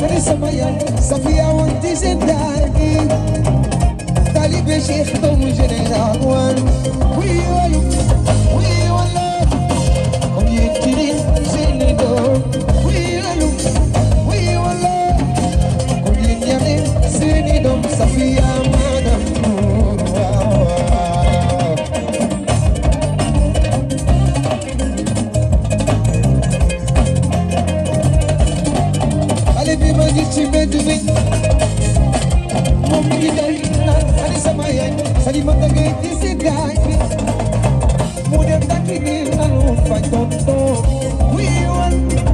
fere sama yow Safiya wanti zendar gi talibe Cheikh doomu général wan ma We want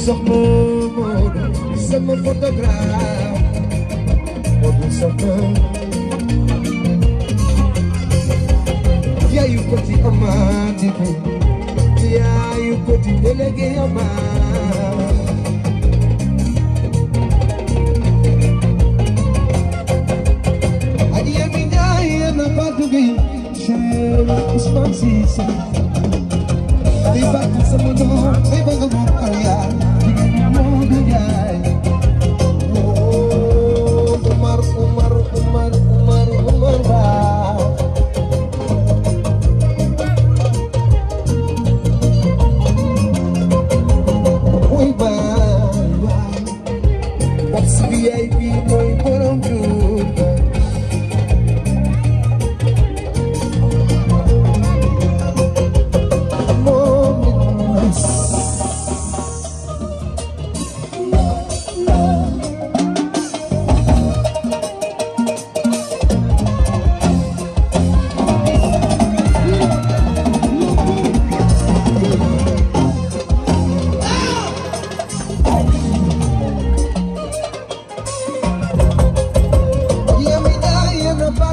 sax moomoo sama photographe moomoo sax moom yaayu ko ci amaati bi yaayu ko ci délégué a baatu gi chéri Ousmane Cissé di baatu sama doom ay bëgg moom ak Njaay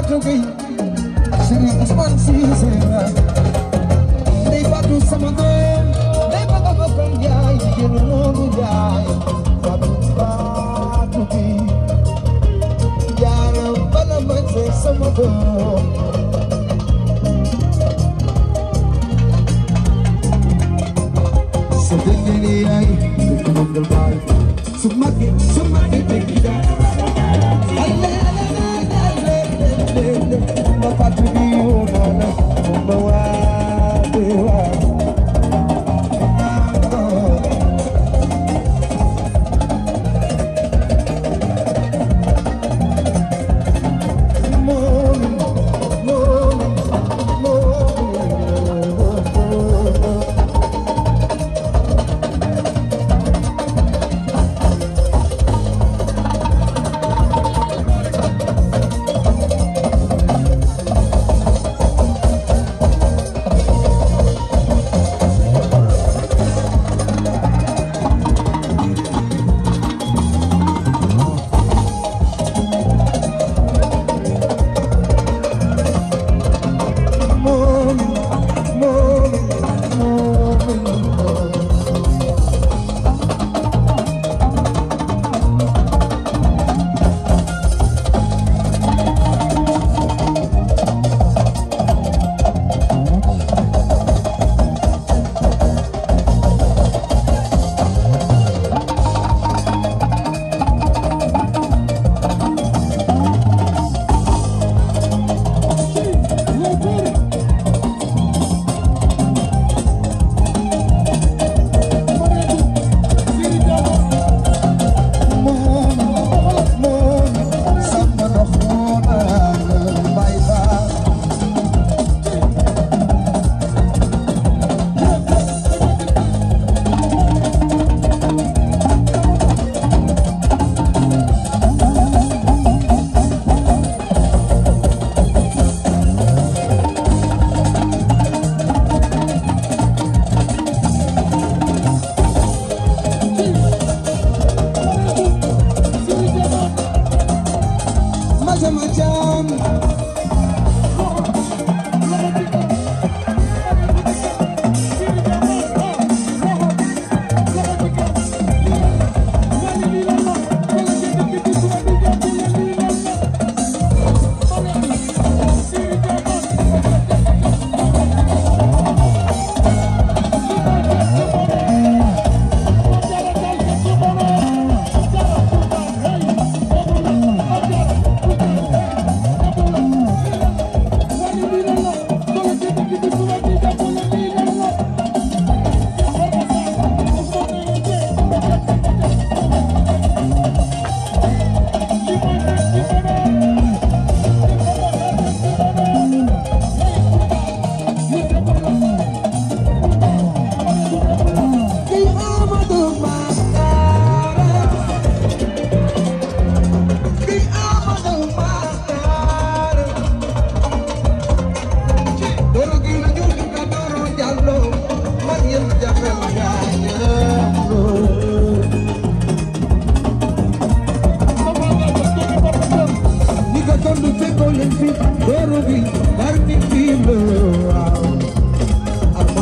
Fatou Gueye Serigne Ousmane Cissé Ndeye Fatou sama doom Ndeye Fatou bokkam jaay jigéen noonu jaay Fatou Fatou Gueye jaaram bala ma seeg sama doom So then, yeah, you come on the line. So, my, so, my, take it down.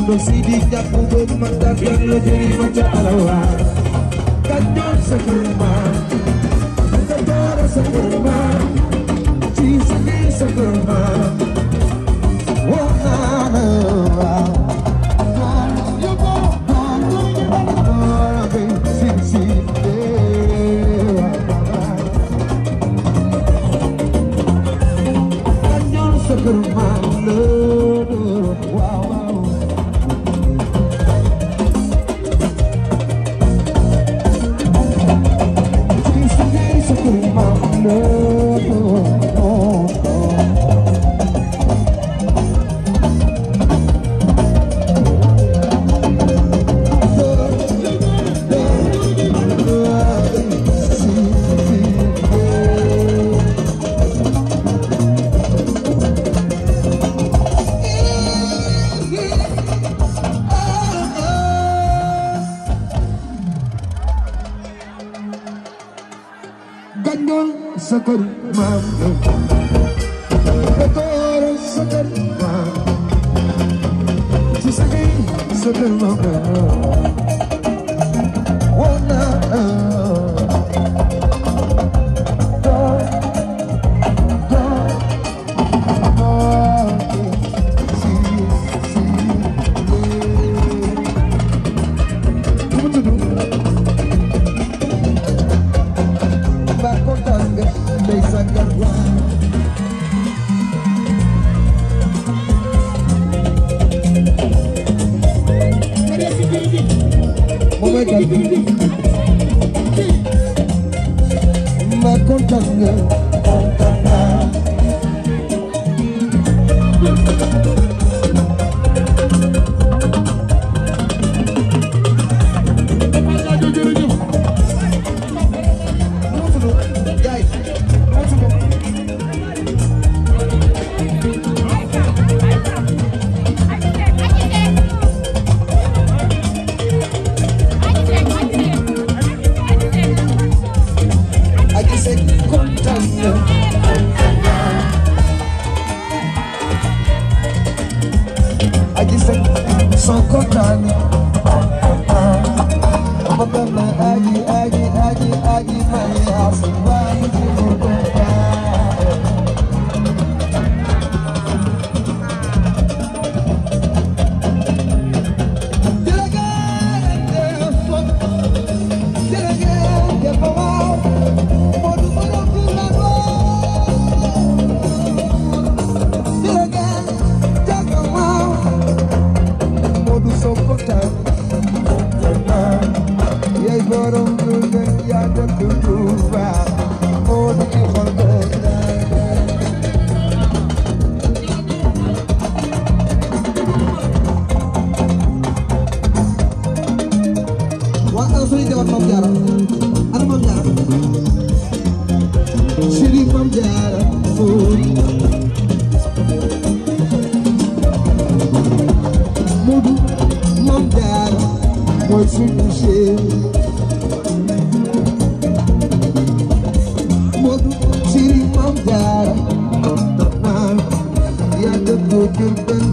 Maodo Sidi jàpp boobu ma tàggat la jëri ma ca alawa ka joor sa kër maam ka joor sa kër maam ci sa biir sa kër maam woo naa la waaw Good man, love. gañol sa kër maam la tooro sa kër maam ci sa kër maam la wegal ma kontaan nga kontaan ana sunu jabar Mame Diarra ana Mame Diarra chéri Mame Diarra Modou Mame Diarra mooy sunu chéri Modou chéri Mame Diarra am na naan yaa dëkk